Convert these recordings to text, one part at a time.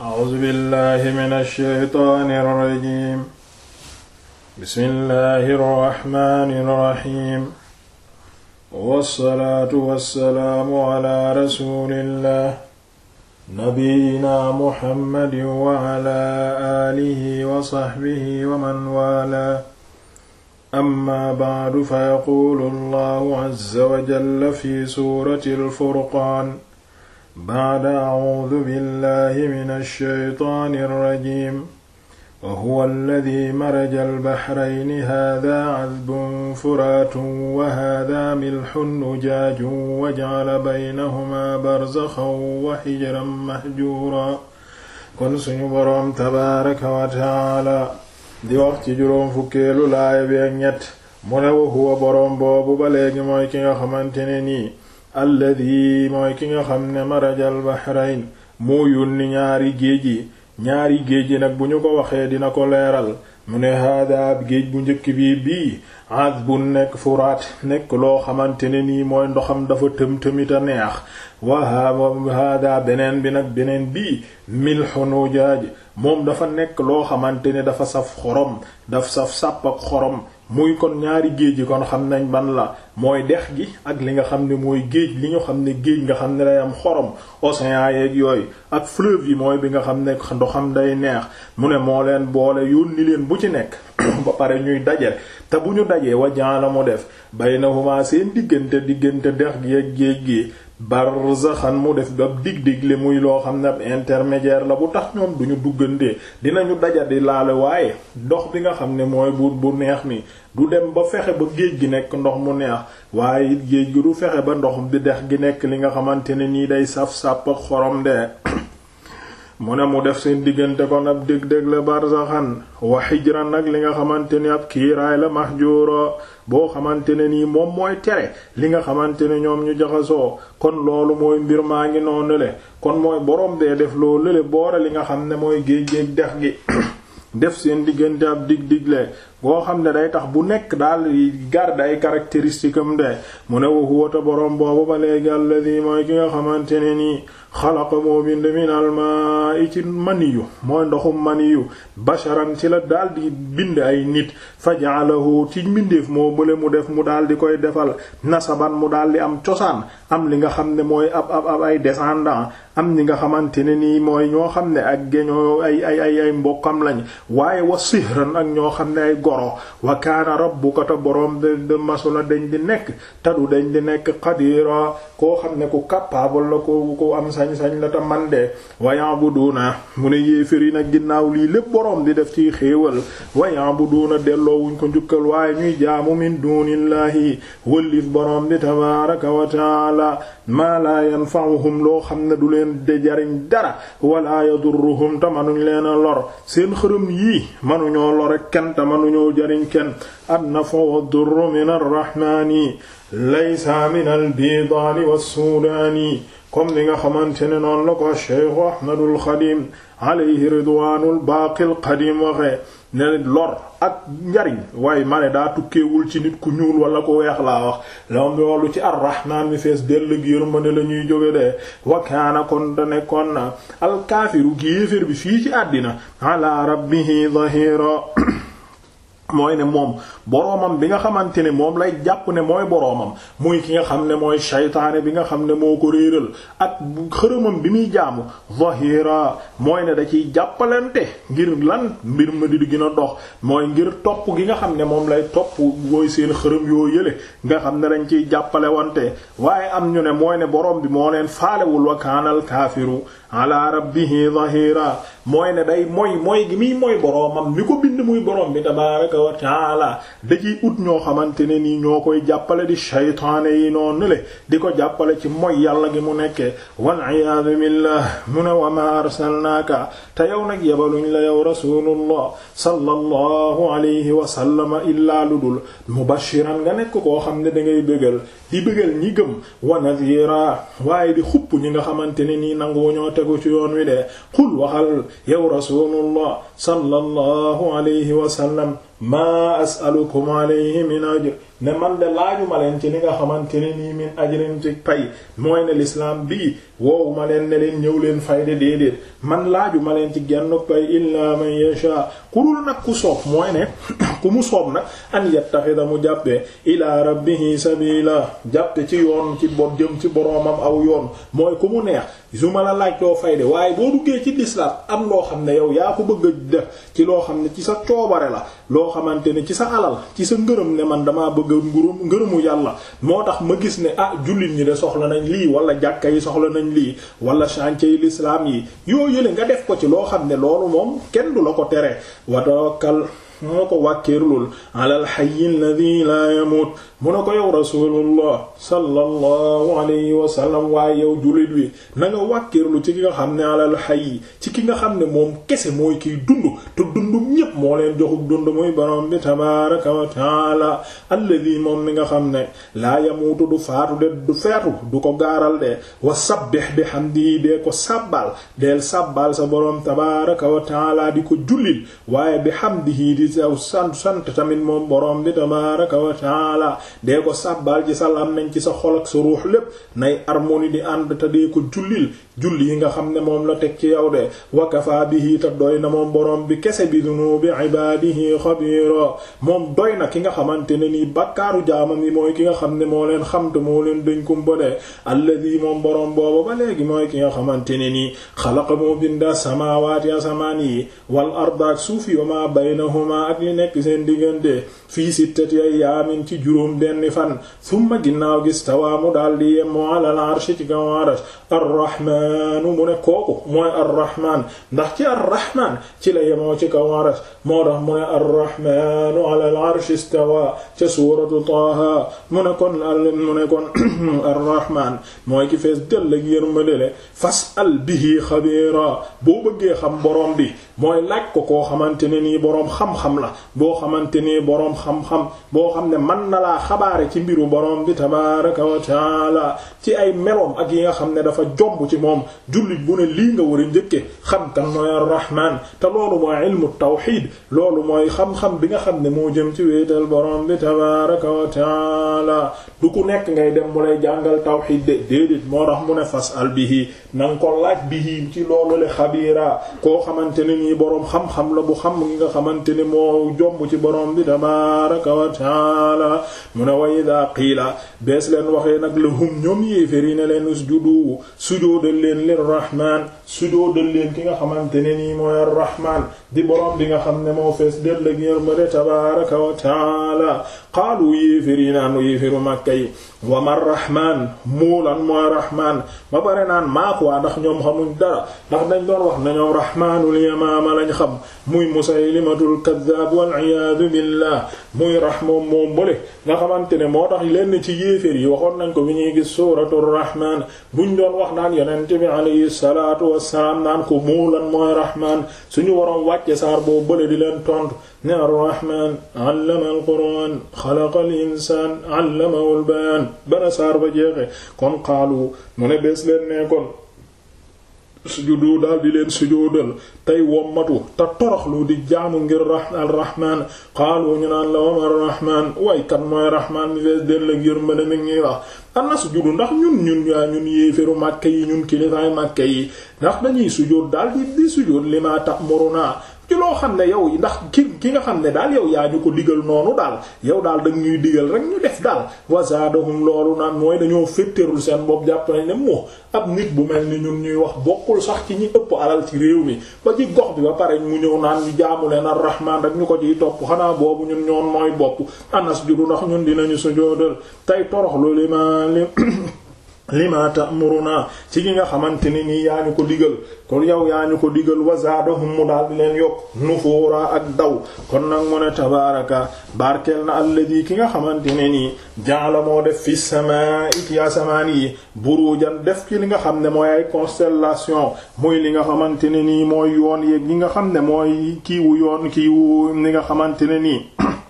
أعوذ بالله من الشيطان الرجيم بسم الله الرحمن الرحيم والصلاة والسلام على رسول الله نبينا محمد وعلى آله وصحبه ومن والاه أما بعد فيقول الله عز وجل في سورة الفرقان ba'da a'uudu billahi mina shaytaani rajiim wa huwa alladhi maraja al-bahrayni haadhaa 'azbun furaatun wa haadhaa milhun ujaajun wa ja'ala baynahumaa barzakhan wa hijiran mahjuuraa kon suñu boroom tabaaraka wa ta'aala di wax ci juróom fukkeelu laaya bi ak ñett mu ne wa huwa boroom boobu ba léegi mooy ki nga xamante ne nii alladi mooy ki nga xam ne marajal bahrain moo yónni ñaari géej yi ñaari géej yi nag bu ñu ko waxee dina ko leeral mu ne haada géej bu njëkk bii bii az bu nekk furaat nekk loo xamante ne nii mooy ndoxam dafa tëm-tëmita neex wa haada beneen bi nag beneen bii milhun ujaaj moom dafa nekk loo xamante ne dafa saf xorom daf saf sàpp ak xorom muy kon ñaari géej yi kon xam nañ ban la mooy dex gi ak li nga xam ne mooy géej li ñu xam ne géej nga xam ne day am xorom océan yeeg yooyu ak fleuve yi mooy bi nga xam ne xam day neex mu ne moo leen boole ni leen bu ci nekk ba pare ñuy daje te bu ñu dajee wa jaala mu def baynahuma seen diggante diggante dex gi ak géej gi barzaxan mu def ab dig-digle muy loo xam ne ab intermédiaire la bu tax ñoom duñu duggandee dinañu daja di laale waaye dox bi nga xam ne mooy buur bu neex mi du dem ba fexe ba géej gi nekk ndox mu neex waaye it géej gi du fexe ba ndox bi dex gi nekk li nga xamante ne nii day saf-sàpp ak xorom de mu ne mu def seen diggante kon ab dég-dég la barzaxan wa xijran ak li nga xamante ni ab kiiraay la max mahjura boo xamante ne nii moom mooy tere li nga xamante ne ñoom ñu jaxasoo kon loolu mooy mbir maa ngi noonu le kon mooy borom dee def loolu le boora li nga xam ne mooy géej géej dex gi def seen diggante ab dig digle boo xam ne day tax bu nekk daal garde ay caractéristiques am de mu ne wa huwa ta boroom boobu ba léegi alladi mooy ki nga xamante ne nii xalaqa moo bind min almaa ci maniyu mooy ndoxum maniyu basharan ci la daal di bind ay nit fajaalahu ci mbindeef moo bële mu def mu daal di koy defal nasaban mu daal di am cosaan am li nga xam ne mooy ab ay descendant am ñi nga xamante ne nii mooy ñoo xam ne ak géñoo ay ay ay mbokkam lañ waaye wa sihran ak ñoo xam ne ay go goro wa kaana rabbuka te boroom de masula dañ di nekk te du dañ di nekk qadira koo xam ne ku capable la ko ko am sañ-sañ la te man de wa ya'buduna mu ne yéefér yi nag ginnaaw lii lépp boroom di def ciy xéewal wa delloo wuñ ko njukkal waaye ñuy jaamu min dunillahi wëllif boroom di tabaraka wa taala maa laa yanfa'uhum loo xam ne du leen de jariñ dara wala yadurruhum te manuñ leen a lor seen xërëm yii manuñoo lor kenn te manuñoo ñëw jariñ kenn annafu wa durru min arrahmaani laysa min albidaani wassuudaani comme ni nga xamante ne noonu la ko cheikhu ahmadul xadim alayhi ridwaanul baaqil qadim waxe ne lor ak njariñ waaye ma ne daa tukkeewul ci nit ku ñuul wala ko weex laa wax lom yoolu ci arrahmaan mi fees dell giir ma ne la ñuy jóge de wakaana kon da nekkoon na alkaafiru géefér bi fii ci àddina ala rabbihi dhahira mooy ne moom boroomam bi nga xamante ne moom lay jàpp ne mooy boroomam muy ki nga xam ne mooy saytaane bi nga xam ne moo ko réeral ak xërëmam bi muy jaamu zahira mooy ne da ciy jàppalante ngir lan mbir ma di gën a dox mooy ngir topp gi nga xam ne moom lay topp mooy seen xërëm yoo yële nga xam ne dañ ciy jàppale wante waaye am ñu ne mooy ne boroom bi moo leen faalewul wa kaanal kaafiru ala rabbihi zahira mooy ne day mooy mooy gi muy mooy boroomam mi ko bind muy boroom bi tabaaraka wa taala da ciy ut ñoo xamante ne nii ñoo koy jàppale di shaytaane yi noonu le di ko jàppale ci mooy yàlla gi mu nekkee wal iyaadu la mu ne wa ma arsalnaaka te yow nag yebaluñ la yow rasulullah sallallahu alayhi wa sallama illaa lu dul mubashiran nga nekk koo xam ne da ngay bëggal di bëggal ñi gëm wa nadhira waaye di xupp ñi nga xamante ne nii nangu ñoo tegu ci yoon wi de xul waxal yow rasulullah sallallahu alayhi wa sallam maa as'alukum alayhi min ajr ne man de laaju ma leen ci li nga xamante ne nii min ajrin ci pay mooy ne lislaam bii woowu ma leen ne leen ñëw leen fayde déedéet man laaju ma leen ci genn pay illaa man yasha kurul nag ku soob mooy ne ku mu soob nag an yattaxida mu jàppee ilaa rabbihi sabila jàppe ci yoon ci bo jëm ci boroomam aw yoon mooy ku mu neex gisuma la laaj loo fay de waaye boo duggee ci lislaam am loo xam ne yow yaa ko bëgg a def ci loo xam ne ci sa coobare la loo xamante ne ci sa alal ci sa ngërëm ne man damaa bëgg ngurum ngërëmu yàlla moo tax ma gis ne ah jullit ñi de soxla nañ lii wala jàkka yi soxla nañ lii wala chantier yi lislaam yi yoo yële nga def ko ci loo xam ne loolu moom kenn du la ko tere wa moo ko wàkkirlul alal hayyi alladhi laa yamut mu ne ko yow rasulullah sallallahu alayhi wa sallam waaye yow jullit wi na nga wàkkirlu ci ki nga xam ne alal hayyi ci ki nga xam ne moom kese mooy kii dund te dundum ñépp moo leen joxub dund muy borom bi tabaraka wa taala alladhi moom mi nga xam ne laa yamuutu du faatu de du feetu du ko gaaral de bi xam di dee ko sàbbal deel sàbbal sa borom tabaraka wa taala di ko jullil waaye bihamdihi ci aw sant tamit moom borom bi tabaraka wa taala dee ko sàbbaal ji sal am nañ ci sa xol ak sa ruux lépp nay harmonie di ànd te dee ko jullil julli yi nga xam ne moom la teg ci yow de wakafa bihi ta doy na moom boroom bi kese bi dunubi ibadihi xabira moom doy na ki nga xamante ne nii bakkaaru jaamam yi mooy ki nga xam ne moo leen xam xamte moo leen dëñ kumpa de alladi moom boroom boobu ba léegi mooy ki nga xamante ne nii xalaqa moo binda samaawaati asamaan yi wal arda ak suuf yi wa ma baynahuma ak yi nekk seen diggante fii si sittati ayyaamin ci juróom benn fan summa ginnaaw gis tawaamu daal di yem alal arshi arrahmaanu mooy arrahmaan ndax ci arrahmaan ci la yemoo ci kaw aras moo tax mu ne arrahmaanu ala al-arsh istawa ca ki fees dell ak yërmande le fas'al bihi xam boroom bi mooy laaj ko koo xamante ne nii boroom xam-xam la boo xamante ni borom xam-xam boo xam ne man na la xabaare ci mbiru boroom bi tabaaraka wa taala ci ay meloom ak yi nga xam ne dafa jomb ci moom moom jullit bu ne a njëkke xam kan mooy arrahman te loolu mooy ilmu tawxid loolu mooy xam-xam bi nga xam ne moo jëm ci wéetal borom bi tabaraka wa taala du ku nekk ngay dem mu jàngal tawxid de déedéet moo tax mu ne fasal bihi na nga ko laaj bihi ci loolu le xabiira koo xamante ne nii boroom xam-xam la bu xam ngi nga xamante ne moo jomb ci boroom bi tabaraka wa taala mu ne wa idaa qiila bees leen waxee nag lahum ñoom yéefér yi ne leen usjudu sujuudal leen lirrahman sujoodal leen ki nga xamante ne nii mooy arrahman di boroom bi nga xam ne moo fees del ak yërmande tabaraka wa taala qaalu yéefér yi naan yéeféru màkka yi wama rahman muulan mooy rahman ma bare naan maakuwaa ndax ñoom xamuñ dara ndax dañ doon wax nañoo rahmaanul yamaama lañ xam muy musaylimatul kaddaab waliyadu billah muy rahmoom moom bale nga xamante ne moo tax lenn ci yéefér yi waxoon nañ ko bi ñuy gis suratur rahman buñ doon bi alayhi salaatu wassalaam naan ko moo lan mooy rahmaan suñu waroon wàcce saar boo bële di leen tontu ne ar-rahmaan allama al-qur'aan xalaqa al-insaan allamahu al-bayaan bana saar ba jeexe kon xaalu mu ne bés leen ne kon sujudu daal di leen sujuudal tey wommatu te toroxlu di jaamu ngir alrahman xaalu ñu naan la wama rahman waay kan mooy rahman mi fees den la ngir mën a mi ngi wax ana sujudu ndax ñun ñun yaa ñun yéeféru Màkka yi ñun kilifaay Màkka yi ndax dañuy sujóot daal di di sujóot li ma ta'muruna ci loo xam ne yow ndax ki ki nga xam ne daal yow yaa ñu ko digal noonu daal yow daal da ñuy digal rek ñu def daal wasadahum loolu naan mooy dañoo féttérul seen bopp jàpp nañ ne moo ab nit bu mel ni ñun ñuy wax bokkul sax ci ñi ëpp alal ci réew mi ba ci gox bi ba pare ñu mu ñëw naan ñu jaamu leen ar-Rahmaan rek ñu ko ciy topp xanaa boobu ñun ñoon mooy bopp anas judu ndax ñun dinañu sujjóotal tey torox ma limaa lima ta'muruna ci gi nga xamante ni nii yaa ñu ko digal kon yow yaa ñu ko digal wa zaadahum mu daal di leen yokk nufuura ak daw kon nag mu ne tabaaraka barkeel na alladi ki nga xamante ne nii ja'ala moo def fi samaa'i ci asamaan yi burujan def ci li nga xam ne mooy ay constellation muy li nga xamante ne nii mooy yoon yeeg ñi nga xam ne mooy kiiwu yoon kiiwu li nga xamante ne nii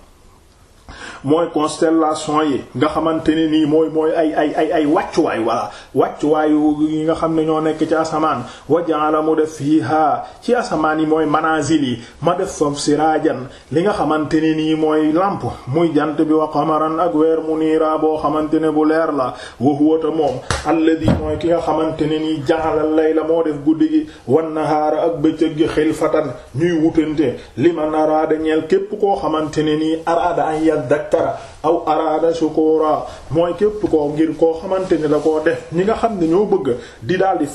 mooy constellation yi nga xamante ne nii mooy mooy ay ay ay ay wàccuwaay walla wàccuwaayu yi nga xam ne ñoo nekk ci asamaan wa ja'ala mu def fiha ci asamaan yi mooy manazil yi ma def fa siraajan li nga xamante ne nii mooy làmp muy jant bi wa qamaran ak weer munira boo xamante ne bu leer la wa huwa moom alladhi ki nga xamante ne nii lay la moo def guddi gi wan nahaara ak bëccëg gi fatan ñuy wutante liman araada ñeel képp koo xamante ne nii araada an yaddak tara aw araada shukura mooy képp koo ngir koo xamante ni la koo def ñi nga xam ne ñoo bëgg di daal di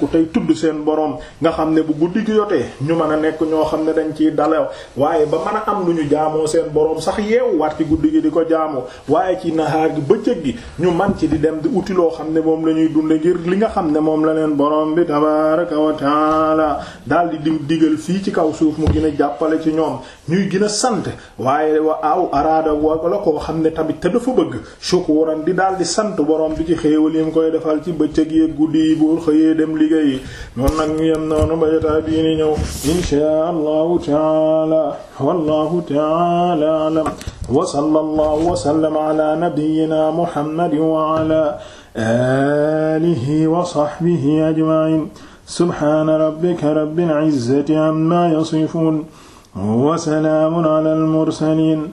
ku tey tudd seen borom nga xam ne bu guddi ci yotee ñu mën a nekk ñoo xam ne dañ ciy dalew waaye ba mën a am lu ñu jaamoo seen borom sax yeewu waat ci guddi gi di ko jaamoo waaye ci nahaar gi bëccëg gi ñu man ci di dem di uti loo xam ne moom la ñuy dunde ngir li nga xam ne moom la leen borom bi tabaraka wa taala daal di dim digal fii ci kaw suuf mu gën a jàppale ci ñoom ñuy gën a sant xam ne tamit te dafa bëgg shukuran di daal di sant borom bi ci xéewal yi mu koy defal ci bëccëg yeeg guddi yi boo xëyee dem liggéeyi noonu nag ñu yem noonu ba jotaay bii ni ñëw inshaa allahu taala wallahu taala alam wa sallallahu wa sallama ala nabiyyina muhammadin wa ala alihi wa sahbihi ajma'in subhana rabbika rabbil izzati amma yasifun wa salaamun ala al mursalin